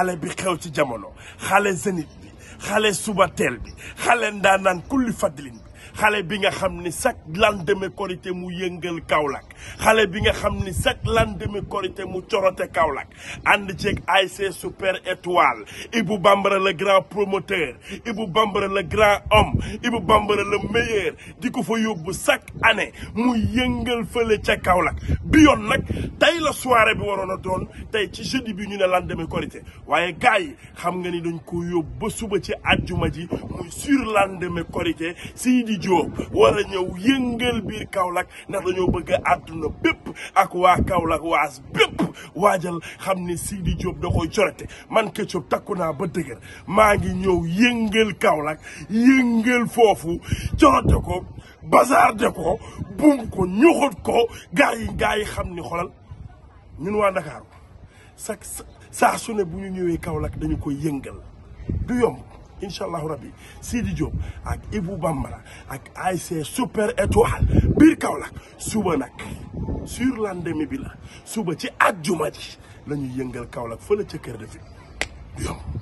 xale bi xew ci jamono xale zénith bi xale suba teel bi xale ndaanaan kulli fadlin bi xale bi nga xam ni chaque lendemain korité mu yëngal Kaolack xale bi nga xam ni chaque lendemain korité mu corote Kaolack ànd ceeg ASC super étoile Ibou Bambara le grand promoteur Ibou Bambara la grand homme Ibou Bambara le meilleur di ko fa yóbbu chaque année mu yëngal fële ca Kaolack bi yoon nag tey la soire bi waroon a doon tey ci jeudi bi ñu ne lendemain korité waaye gars yi xam nga ni dañ ko yóbbu ba suba ci àjjuma ji muy sur lendemain korité Sidi Diop war a ñëw yëngal biir Kaolack ndax dañoo bëgg a àdduna bépp ak waa Kaolack waas bépp waajal xam ne Sidi Diop da koy corete man Ketchup takku naa ba dëgër maa ngi ñëw yëngal Kaolack yëngal foofu corote ko bazarde ko buum ko ñuxut ko gars yi gars yi xam ni xolal ñun waa Dakar sa ne bu ñu ñëwee Kaolack dañu koy yëngal du yomb incha allahu rabbi Sidi Diop ak Ibou Bambara ak ASC super étoile biir Kaolack suba nag sur lendemain bi la suba ci àjjuma ji lañuy ñuy yëngal Kaolack fële ca kër de du yomb